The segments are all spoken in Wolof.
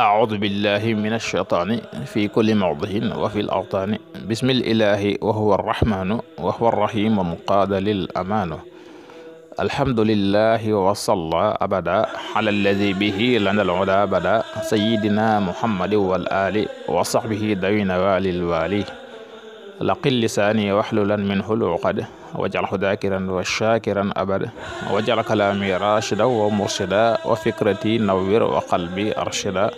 أعوذ بالله من الشيطان في كل موضع وفي الأوطان بسم الإله وهو الرحمن وهو الرحيم قاد للأمان alhamdulillahi wa salla abada ala alladi bihi lanal huda abada sayidina muhammadi wal ali wa sahbihi dawina walil wali laqil lisaani waxlulan minhu luqad wajal hudakiran wa shakiran abad wajal kalaami rashida wa murshida wa fikrati nawwir wa qalbi arshida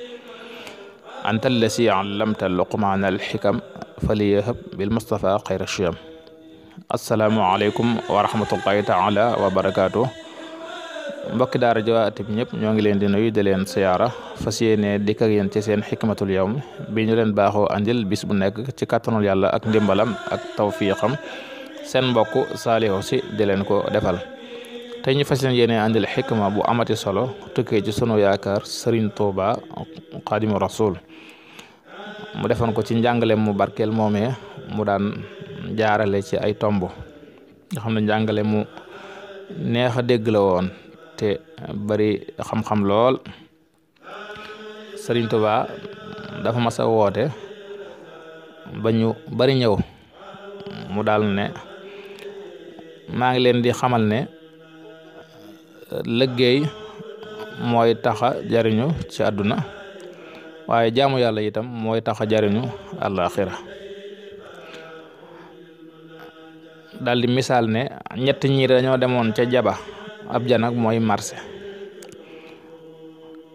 anta allasi allamta luqmaana alxikam faliyahab bilmustafa xayra shiyam asalaamualeykum wa rahmatullahi taala wa barakaatu mbokki daara jawaati bi ñëpp ñoo ngi leen di nuyu di leen siyaara fas yéene dikk ak yéen ci seen xikmatul yawm bi leen baaxoo andil bis bu nekk ci kàttanul yàlla ak ndimbalam ak tawfiqam seen mbokk saalihu si di leen ko defal te ñu fas yéene andil xikma bu amati solo tukkee ci sunu yaakaar Serigne Touba Xaadimu Rasul mu defoon ko ci njàngaleem mu barkeel moomee mu daan jaarale ci ay tomb xam ne njàngale mu neex a dégg la woon te bari xam-xam lool Sëriñ Tuubaa dafa mas a woote ba ñu bari ñëw mu daal ne maa ngi leen di xamal ne liggéey mooy taxa jariñu ci àdduna waaye jaamu yàlla itam mooy taxa jariñu àllaaxira daal di misaal ne ñett ñi dañoo demoon ca jaba ab ja mooy marché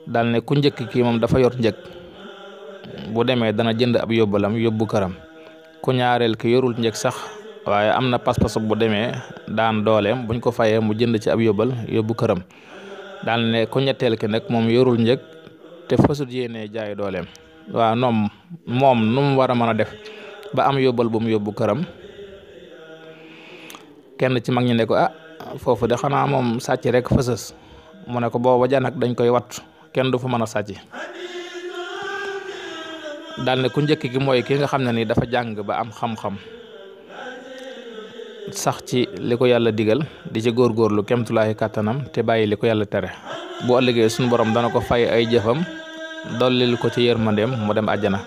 daal ne ku njëkk kii moom dafa yor njëg bu demee dana jënd ab yóbbalam yóbbu këram ku ñaareel ki yorul njëg sax waaye am na pas-pas bu demee daan dooleem buñ ko fayee mu jënd ci ab yóbbal yóbbu këram daal ne ku ñetteel ki nag moom yorul njëg te fasut yéenee jaay dooleem waaw noom moom nu mu war a mën a def ba am yobal bu mu yóbbu këram kenn ci mag ñi ne ko ah foofu de xanaa moom sàcc rek fësës mu ne ko booba ja dañ koy wat kenn du fa mën a sàcc daal ne ku njëkk gi mooy ki nga xam ne ni dafa jàng ba am xam-xam sax ci liko yàlla digal di ci kem kemtulaayi kàttanam te bàyyi li ko yàlla tere bu ëllëgee suñu borom dana ko fay ay jëfam dollil ko ci yërmandeem mu dem àjjana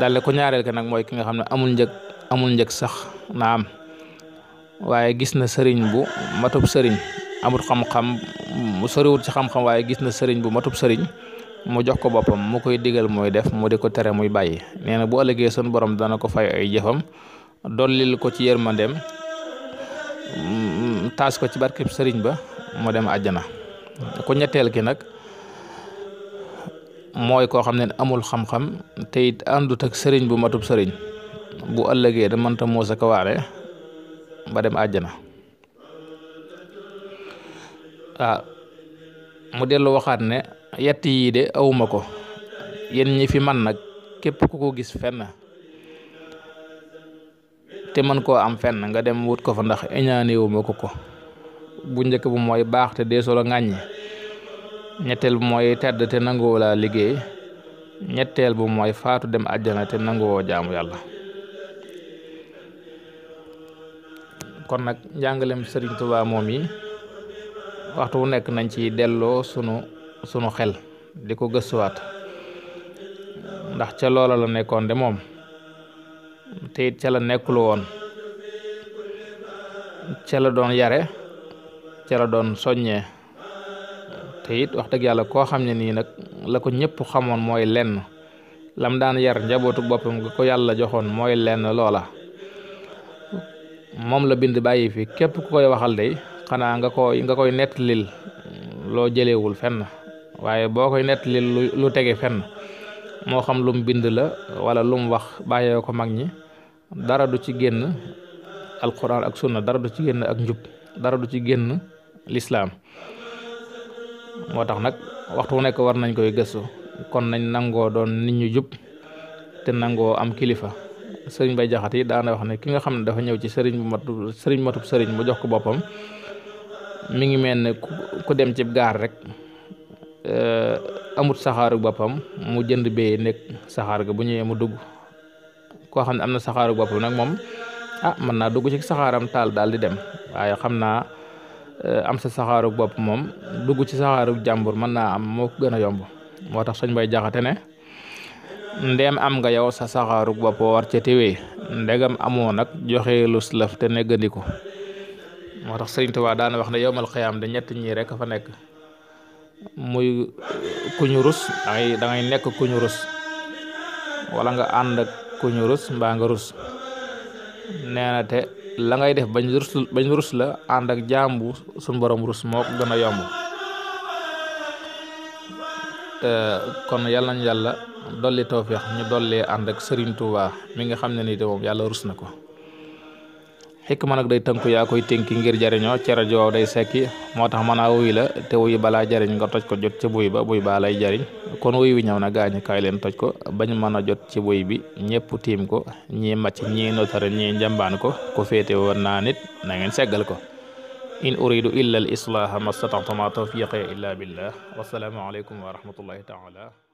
dal ne ku ñaareel ke nag mooy ki nga xam ne amul njëg amul njëg sax naam waaye gis na sëriñ bu matub sëriñ amut xam-xam mu soriwut ci xam-xam waaye gis na sëriñ bu matub sëriñ mu jox ko boppam mu koy digal mooy def mu de ko tere muy bàyyi nee na bu ëllëgee sun borom dana ko fay ay jëfam dollil ko ci ma yërmandeem mm, taas ko ci barkeb sëriñ ba moo dem àjjana ku ñetteel ki nag mooy koo xam ne amul xam-xam te it àndut ak sëriñ bu matub sëriñ bu ëllëgee da mënta muusa ko ba dem àjjana ah mu dellu waxaat ne yett yii de awuma ko yéen ñi fi man nag képp ku ko gis fenn te mën koo am fenn nga dem wut ko fa ndax wuma ko ko bu njëkk bu mooy baax te dee solo ŋàññi ñetteel bu mooy tedd te nanguwoo liggéey ñetteel bu mooy faatu dem àjjana te nanguwoo jaamu yàlla kon nag njàngalem sëriñ Tuubaa moom yi waxtu wu nekk nañ ci delloo sunu sunu xel di ko gëstuwaat ndax ca loola la nekkoon de moom te it ca la nekkul woon ca la doon yare ca la doon soññee te it wax dëgg yàlla koo xam ne nii nag la ko ñëpp xamoon mooy lenn lam daan yar njabootu boppam nga ko yàlla joxoon mooy lenn loola moom la bind bàyyi fi képp ku koy waxal day xanaa nga koy nga koy nettalil loo jëlewul fenn waaye boo koy nettalil lu tege fenn moo xam lum bind la wala lum wax bàyyee ko mag ñi dara du ci génn alquran ak sunna dara du ci génn ak njub dara du ci génn lislaam moo tax nag waxtu nekk war nañ koy gëstu kon nañ nangoo doon nit ñu jub te nangoo am kilifa sëriñ bay jaxat yi daana wax ne ki nga xam ne dafa ñëw ci sëriñ bu matu sëriñ matub sëriñ mu jox ko boppam mi ngi mel ne ku dem cib gaar rek euh, amut saxaaru boppam mu jënd bee nekk saxaar ga bu ñëwee mu dugg koo xam ne am na saxaaru boppam nag moom ah mën naa dugg ci saxaaram taal daal di dem waaye xam naa euh, am sa saxaaru bopp moom dugg ci saxaaru jàmbur mën naa am moo ko gën a yomb moo tax sëñ bay jaxate ne ndeem am nga yow sa saxaarug bopp war cee téwee ndegam amoo nag joxe lus lëf te neggandi moo tax Sëriñ Tuubaa daana wax ne yowmal xiyaam da ñett ñii rek fa nekk muy ku rus dangay nekk ku rus wala nga ànd ak ku ñu rus mbaa nga rus nee te la ngay def bañ rus la ànd ak jàmbu suñ borom rus moo gën a yomb kon yàlla nañ dolli tawféex ñu dollee ànd ak Serigne Touba mi nga xam ne ni de moom yàlla rus na ko xikma nag day tënku yaa koy tënki ngir jariñoo ci rajo day sekki moo tax mën a wuy la te wuy balaa jariñ nga toj ko jot ci buy ba buy baa lay jariñ kon wuy wi ñëw na gaañu kaay leen toj ko bañ mën a jot ci buy bi ñëpp tiim ko ñii màcc ñii notare ñii njambaan ko ko féete woon naa nit na ngeen seggal ko in uridu illa al islaaha ma stata'tu ma tawfiqi illa billah wasalaamu aleykum